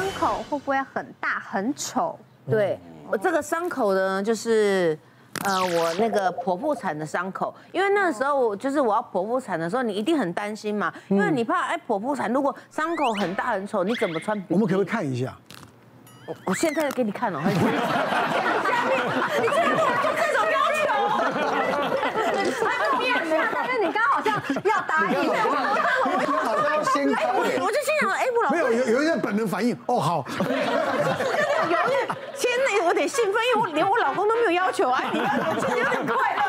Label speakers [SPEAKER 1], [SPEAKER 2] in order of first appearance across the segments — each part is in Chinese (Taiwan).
[SPEAKER 1] 傷口會不會很大很醜？對，我這個傷口呢，就是，呃，我那個剖腹產的傷口，因為那個時候就是我要剖腹產的時候，你一定很擔心嘛，因為你怕哎剖腹產如果傷口很大很醜，你怎麼穿？我們可不可以看一下？我我現在給你看了。竟然，你這樣對我做這種要求，真你剛好像要答應我，就心想，哎，我老
[SPEAKER 2] 沒能反應哦，好，
[SPEAKER 1] 天吶，有點興奮，因為我連我老公都沒有要求，啊，你要求有點快。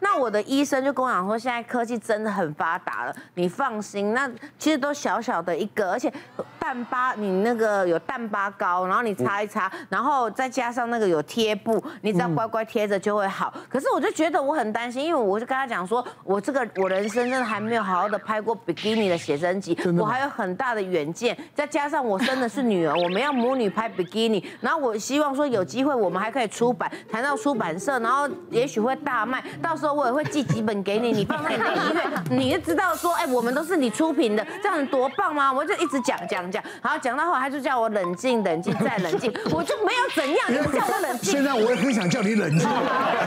[SPEAKER 1] 那我的醫生就跟我講說，現在科技真的很發達了，你放心。那其實都小小的一個，而且淡疤你那個有淡疤膏，然後你擦一擦，然後再加上那個有貼布，你只要乖乖貼着就會好。可是我就覺得我很擔心，因為我就跟他講說，我這個我人生真的還沒有好好的拍過比基尼的寫真集，我還有很大的遠見。再加上我生的是女兒，我們要母女拍比基尼，然後我希望說有機會我們還可以出版，談到出版社，然後也許會大賣。到時候我也會寄幾本給你，你放在醫院，你就知道說，哎，我們都是你出品的，這樣多棒嗎？我就一直講講講，然後講到後來他就叫我冷靜冷靜再冷靜。我就沒有怎樣，你就叫我冷靜。現在我也
[SPEAKER 2] 很想叫你冷靜。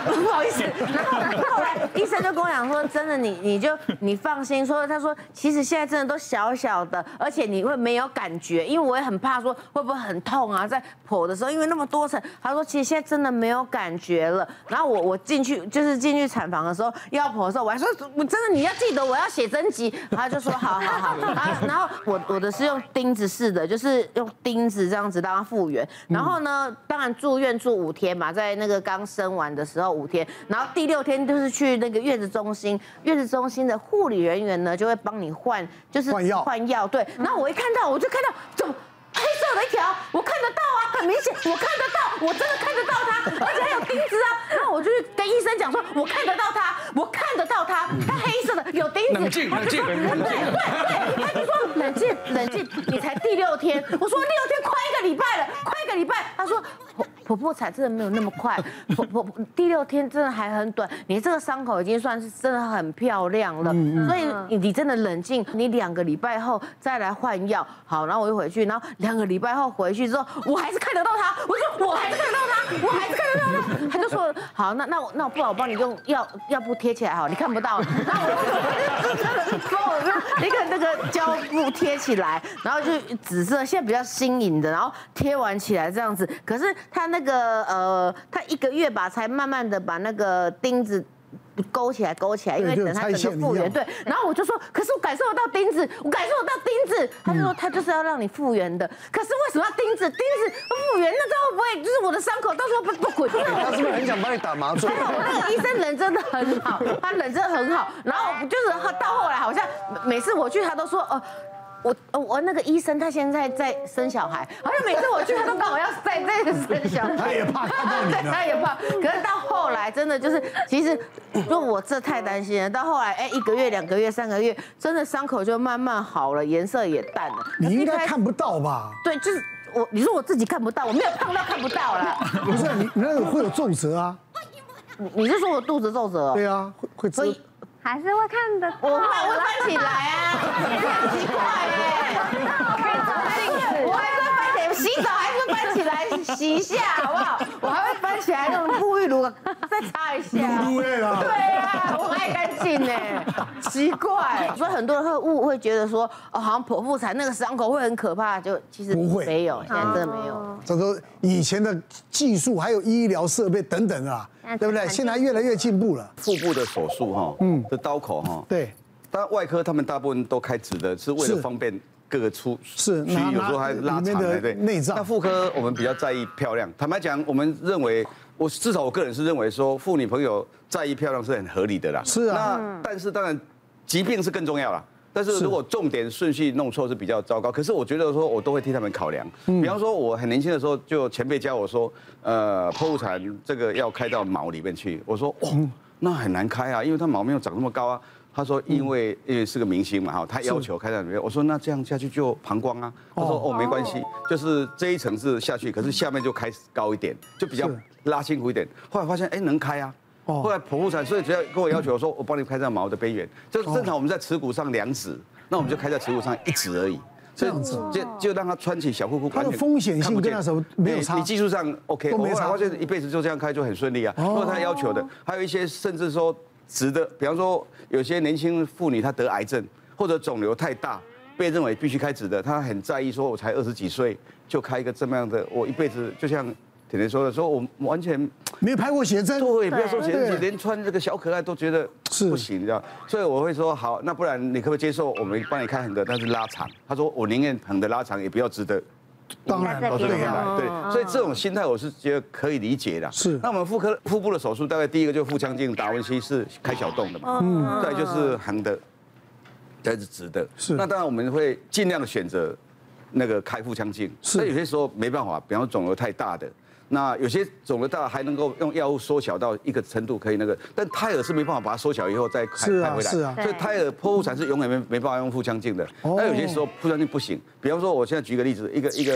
[SPEAKER 2] 不
[SPEAKER 1] 好意思。然後然後來醫生就跟我講說，真的，你你就你放心，說他說其實現在真的都小小的，而且你會沒有感覺，因為我也很怕說會不會很痛啊，在剖的時候，因為那麼多層，他說其實現在真的沒有感覺了。然後我我進去就是。是進去產房的時候，要婆說：“我還說，我真的你要記得，我要寫真集。”然後他就說：“好好好。”，然後，然後我我的是用釘子式的，就是用釘子這樣子讓它復原。然後呢，當然住院住五天嘛，在那個剛生完的時候五天。然後第六天就是去那個月子中心，月子中心的護理人員呢就會幫你換，就是換藥。換藥對。然後我一看到，我就看到怎麼黑色的一條，我看得到啊，很明顯，我看得到，我真。這個，這個，這個。破彩真的沒有那麼快，不不不，第六天真的還很短。你這個傷口已經算是真的很漂亮了，嗯嗯、所以你你真的冷靜，你兩個禮拜後再來換藥。好，然後我就回去，然後兩個禮拜後回去之後，我還是看得到他，我說我還是看得到他，我還是看得到他。他就說好，那那我那我不好幫你用藥藥布貼起來好，你看不到。然後我就。 你看那個膠布貼起來，然後就紫色，現在比較新穎的，然後貼完起來這樣子。可是他那個呃，他一個月吧，才慢慢的把那個釘子。勾起來，勾起來，因為等他整個復原。對，然後我就說，可是我感受得到釘子，我感受得到釘子。他就說，他就是要讓你復原的。可是為什麼要釘子，釘子復原，那這會不會，就是我的傷口，到時候不不滾、欸？他是不是很想幫你打
[SPEAKER 2] 麻醉？我那個
[SPEAKER 1] 醫生人真的很好，他人真的很好。然後就是到後來，好像每次我去，他都說哦。呃我呃，我那個醫生他現在在生小孩。好像每次我去，他都剛我要在這個生小孩。 他也怕看到你啊 對他也怕，可是到後來真的就是，其實如果我這太擔心了。到後來哎、欸，一個月、兩個月、三個月，真的傷口就慢慢好了，顏色也淡了。你應該看不到吧？對，就是我，你說我自己看不到，我沒有胖到看不到了。不是你，你那個會有皺褶啊你？你是說我肚子皺褶、喔？對啊，會會。所還是會看得到。我會翻起來啊。 是 洗一下好不好？我還會翻起來那種沐浴露，再擦一下。的對啊，我愛乾淨呢。奇怪，所以很多人會誤會覺得說，哦，好像剖腹產那個傷口會很可怕，就其實不會，沒有，現在真的沒有。
[SPEAKER 2] 這都、嗯嗯、以前的技術，還有醫療設備等等啊，對不對？現在,進現在越來越進步了。
[SPEAKER 3] 腹部的手術哈、哦，嗯，的刀口哈、哦，對，但外科他們大部分都開直的是為了方便。各個出是區有時候還拉長哎，對內臟。那婦科我們比較在意漂亮。坦白講，我們認為，我至少我個人是認為說，婦女朋友在意漂亮是很合理的啦。是啊。那但是當然，疾病是更重要了。但是如果重點順序弄錯是比較糟糕。是，可是我覺得說，我都會替他們考量。嗯，比方說，我很年輕的時候，就前輩教我說，呃，剖腹產這個要開到毛裡面去。我說，哦，那很難開啊，因為它毛沒有長那麼高啊。他說，因為因為是個明星嘛，哈，他要求開在裡面。我說，那這樣下去就膀胱啊。他說，哦，沒關係，就是這一層是下去，可是下面就開始高一點，就比較拉辛苦一點。後來發現，哎，能開啊。後來剖腹產，所以只要跟我要求，說我幫你開在毛的邊緣，就正常我們在恥骨上兩指，那我們就開在恥骨上一指而已，這樣子，就就讓他穿起小褲褲。它的風險性跟那什麼沒有差，你技術上 OK，都沒差。發現一輩子就這樣開就很順利啊，都是他要求的。還有一些甚至說。直的，比方說有些年輕婦女她得癌症或者腫瘤太大，被認為必須開直的，她很在意，說我才二十幾歲就開一個這麼樣的，我一輩子就像甜甜說的，說我完全沒有拍過寫真，對，也不要說寫真，對連穿這個小可愛都覺得是不行的是，你知道，所以我會說好，那不然你可不可以接受我們幫你開橫的，但是拉長？她說我寧願橫的拉長也不要直的。當然，啊、對對對，所以這種心態我是覺得可以理解的。是，那我們婦科腹部的手術，大概第一個就是腹腔鏡達文西是開小洞的嘛，嗯，再就是橫的，再是直的。是，那當然我們會盡量的選擇那個開腹腔鏡，是，所以有些時候沒辦法，比方腫瘤太大的。那有些腫的大還能夠用藥物縮小到一個程度可以那個，但胎兒是沒辦法把它縮小以後再開回來，是啊，啊、所以胎兒剖腹產是永遠沒沒辦法用腹腔鏡的。但有些時候腹腔鏡不行，比方說我現在舉一個例子，一個一個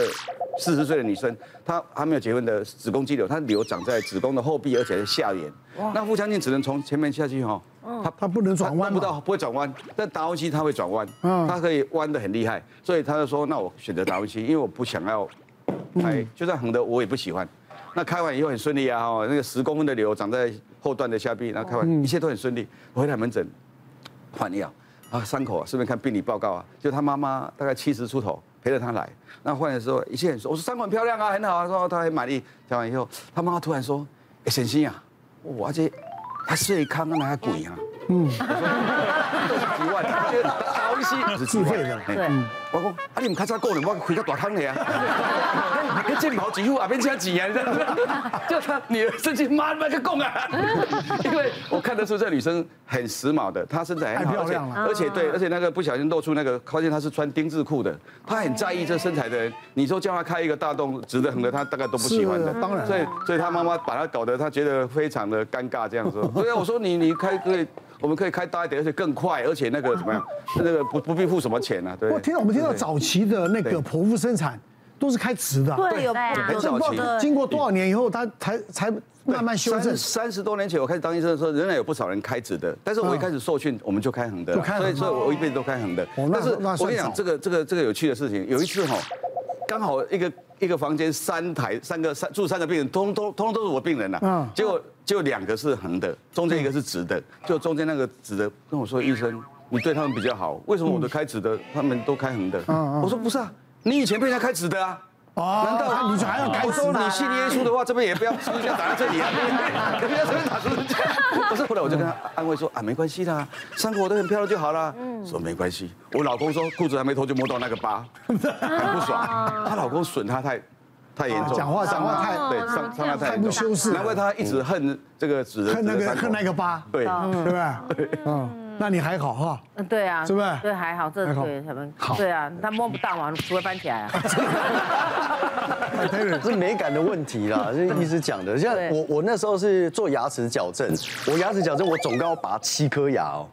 [SPEAKER 3] 四十歲的女生，她還沒有結婚的子宮肌瘤，她瘤長在子宮的後壁而且是下緣，那腹腔鏡只能從前面下去哈，它它不能轉彎，不到不會轉彎，但達文西它會轉彎，它可以彎的很厲害，所以他就說那我選擇達文西，因為我不想要，哎，就算橫的我也不喜歡。那開完以後很順利啊，那個十公分的瘤長在後段的下壁，然後開完一切都很順利，我回來門診換藥啊，傷、啊、口啊，順便看病理報告啊，就他媽媽大概七十出頭陪着他來，那換的時候一切很順，我說傷口很漂亮啊，很好啊，說他很滿意，講完以後他媽媽突然說，哎、欸，先生啊，我這他碎坑那還貴啊，啊嗯。幾萬說 東西是自費黑的，對,對,對。我說阿你們卡早夠嘞，我開個大湯你呀你健毛幾戶阿邊車幾啊？ 就他女兒生氣媽媽就
[SPEAKER 1] 夠了
[SPEAKER 3] 因為我看得出這女生很時髦的，她身材很漂亮了。了而且,而且對，而且那個不小心露出那個，發現她是穿丁字褲的，她很在意這身材的人。人你說叫她開一個大洞，直的橫的，她大概都不喜歡的、啊。當然。所以所以她媽媽把她搞得，她覺得非常的尷尬，這樣說。對啊，我說你你開可以。我們可以開大一點，而且更快，而且那個怎麼樣？那個不不必付什麼錢呢、啊？對我聽到我們聽到早
[SPEAKER 2] 期的那個剖腹生產
[SPEAKER 3] 都是開直
[SPEAKER 1] 的、啊，對，對啊、對很早期。對經
[SPEAKER 2] 過
[SPEAKER 3] 多少年以後，他才才慢慢修正三。三十多年前我開始當醫生的時候，仍然有不少人開直的，但是我一開始受訓我們就開橫的,的，所以所以我一輩子都開橫的。哦、但是我跟你講、這個，這個這個這個有趣的事情，有一次哈、喔，剛好一個一個房間三台三個三住三個病人，通通通通都是我病人了，嗯，結果。就兩個是橫的，中間一個是直的。就中間那個直的跟我說：“醫生，你對他們比較好，為什麼我的開直的，他們都開橫的？”我說：“不是啊，你以前被人家開直的啊。”難道你是還要受嗎？你信耶穌的話，這邊也不要，出要打在這裡啊，不要這邊打中間。”不是，後來我就跟他安慰說：“啊，沒關係啦，三個我都很漂亮就好了。”嗯，說沒關係。我老公說：“褲子還沒脫就摸到那個疤，很不爽。”她老公損他太。太嚴重，講話講話太對，講話太不修飾。難怪他一直恨這個，只恨那個，恨那個疤，對，對吧？對，嗯，那你還好哈？嗯，
[SPEAKER 1] 對啊，是不是？對，還好，這對他們好。對啊，他摸不到嘛，除非搬起
[SPEAKER 2] 來啊。這美感的問題啦，這一直講的。像我，我那時候是做牙齒矯正，我牙齒矯正，我總共要拔七顆牙哦。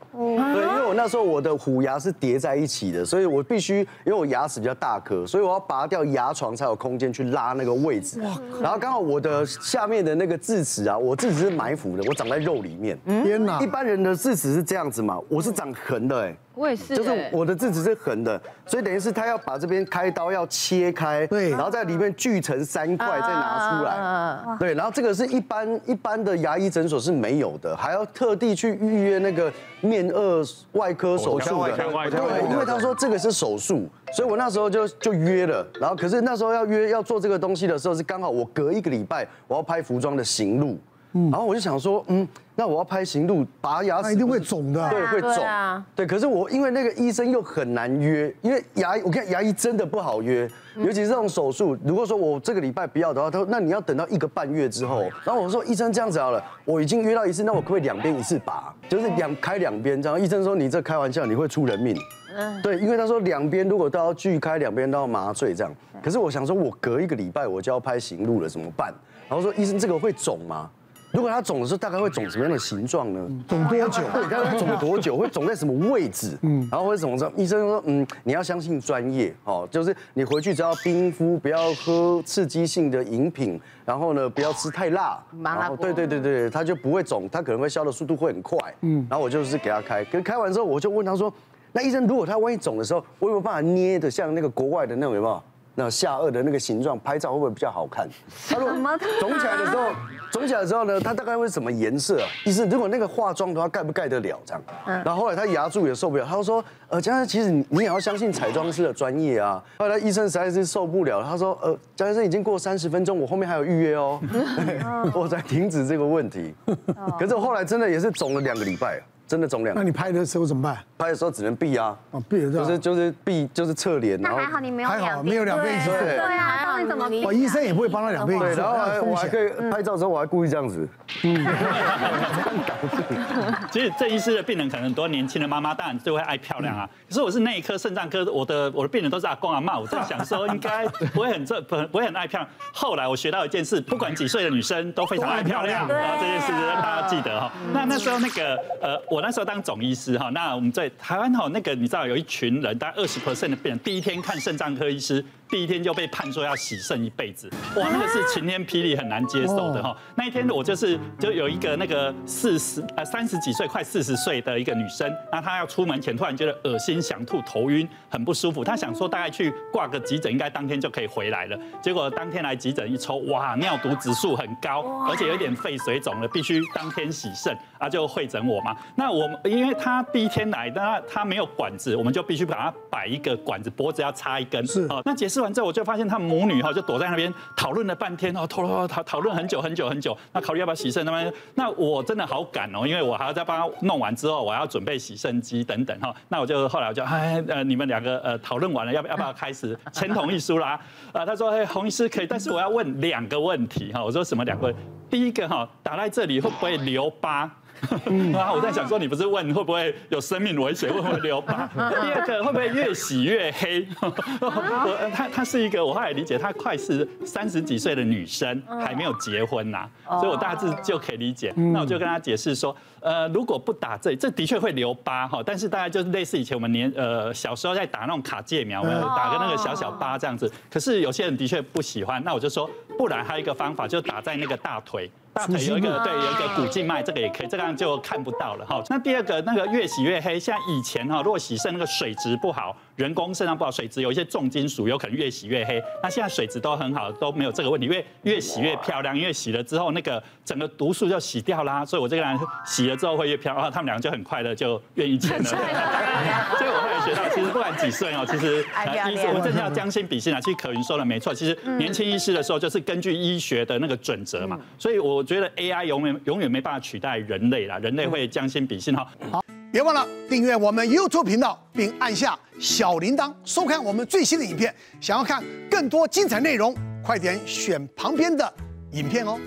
[SPEAKER 2] 那時候我的虎牙是疊在一起的，所以我必須因為我牙齒比較大顆，所以我要拔掉牙床才有空間去拉那個位置。然後剛好我的下面的那個智齒啊，我智齒是埋伏的，我長在肉裡面。天哪！一般人的智齒是這樣子嘛。我是長橫的哎。
[SPEAKER 1] 我也是，就是我
[SPEAKER 2] 的智齒是橫的，所以等於是他，要把這邊開刀，要切開，對，然後在裡面鋸成三塊再拿出來，對，然後這個是一般一般的牙醫診所是沒有的，還要特地去預約那個面顎外科手術的，對，因為他說，這個是手術，所以我那時候就就約了，然後可是那時候要約要做這個東西的時候是剛好我隔一個禮拜我要拍服裝的型錄。然後我就想說，嗯，那我要拍行路拔牙齒，那一定會腫的、啊。對，會腫。對，啊、對，可是我因為那個醫生又很難約，因為牙醫，我看牙醫真的不好約，尤其是這種手術。如果說我這個禮拜不要的話，他說那你要等到一個半月之後。然後我說醫生這樣子好了，我已經約到一次，那我可不可以兩邊一次拔，就是兩開兩邊這樣？醫生說你這開玩笑，你會出人命。嗯。對，因為他說兩邊如果都要鋸開兩邊都要麻醉這樣。可是我想說，我隔一個禮拜我就要拍行路了，怎麼辦？然後說醫生這個會腫嗎？如果他腫的時候，大概會腫什麼樣的形狀呢？腫、嗯、多、多久？會腫多久？會腫在什麼位置？嗯，然後會怎什麼？醫生說，嗯，你要相信專業哦、喔，就是你回去只要冰敷，不要喝刺激性的飲品，然後呢，不要吃太辣。麻辣？對對對對，他就不會腫，他可能會消的速度會很快。嗯，然後我就是給他開，可是開完之後，我就問他說，那醫生，如果他萬一腫的時候，我有沒有辦法捏的像那個國外的那種有沒有？那下顎的那個形狀拍照會不會比較好看？他說腫、啊、起來的時候。腫起來之後呢，它大概會是什麼顏色啊？意思如果那個化妝的話蓋不蓋得了這樣？然後後來他牙柱也受不了，他就說：“呃，江先生，其實你你也要相信彩妝師的專業啊。”後來醫生實在是受不了，他說：“呃，江先生已經過三十分鐘，我後面還有預約哦，我才停止這個問題。”可是後來真的也是腫了兩個禮拜。真的重量。那你拍的時候怎麼辦？拍的時候只能閉啊，就是就是閉，就是側臉。那還好你沒有兩，沒有兩邊。對對啊，到底怎麼？我醫生也不會幫他兩邊。對，然後我還可以拍照的時候我還故意這樣子。
[SPEAKER 4] 其實鄭醫師的病人可能很多年輕的媽媽，當然就會愛漂亮啊。可是我是內科、腎臟科，我的我的病人都是阿公阿嬤，我在想說應該不會很這不會很愛漂亮。後來我學到一件事，不管幾歲的女生都非常愛漂亮。對，這件事大家記得哈。那那時候那個呃我。那時候當總醫師哈，那我們在台灣哈，那個你知道有一群人，大概二十 percent 的病人，第一天看腎臟科醫師。第一天就被判說要洗腎一輩子，哇，那個是晴天霹靂，很難接受的哈、喔。那一天我就是就有一個那個四十呃三十幾歲快四十歲的一個女生、啊，那她要出門前突然覺得噁心想吐頭暈很不舒服，她想說大概去掛個急診應該當天就可以回來了。結果當天來急診一抽，哇，尿毒指數很高，而且有點肺水腫了，必須當天洗腎啊，就會診我嘛。那我們因為她第一天來，那她沒有管子，我們就必須把她擺一個管子，脖子要插一根，是啊。那結束完之後，我就發現他母女哈，就躲在那邊討論了半天哦，討論討討論很久很久很久，那考慮要不要洗腎那邊，那我真的好趕哦、喔，因為我還要再幫她弄完之後，我要準備洗腎機等等哈、喔，那我就後來我就哎呃，你們兩個呃討論完了，要不要不要開始簽同意書啦？啊、呃，他說哎、欸、洪醫師可以，但是我要問兩個問題哈，我說什麼兩個問？第一個哈，打在這裡會不會留疤？啊，嗯、我在想說，你不是問會不會有生命危險，會不會留疤？ 第二個會不會越洗越黑？我， 她、她是一個，我後來理解，他快是三十幾歲的女生，還沒有結婚吶、啊，所以我大致就可以理解。哦、那我就跟他解釋說，呃，如果不打這，這的確會留疤哈，但是大概就是類似以前我們年，呃，小時候在打那種卡介苗，打個那個小小疤這樣子。可是有些人的確不喜歡，那我就說，不然還有一個方法，就打在那個大腿。大腿有一個，對，有一個股靜脈，這個也可以，這個樣就看不到了哈、哦。那第二個，那個越洗越黑，像以前哈、哦，如果洗腎那個水質不好，人工腎臟不好，水質有一些重金屬，有可能越洗越黑。那現在水質都很好，都沒有這個問題，因為越洗越漂亮，因為洗了之後那個整個毒素就洗掉啦。所以我這個人洗了之後會越漂亮，然後、啊、他們兩個就很快樂就願意見了。 嗯、 所以我後來學到，其實不管幾歲哦，其實我真是要將心比心啊。其實可昀說的沒錯，其實年輕醫師的時候就是根據醫學的那個準則嘛，所以我。我覺得 AI 永遠永遠沒辦法取代人類啦，人類會將心比心哈。嗯、好，
[SPEAKER 2] 別忘了訂閱我們 YouTube 頻道，並按下小鈴鐺收看我們最新的影片。想要看更多精彩內容，快點選旁邊的影片哦。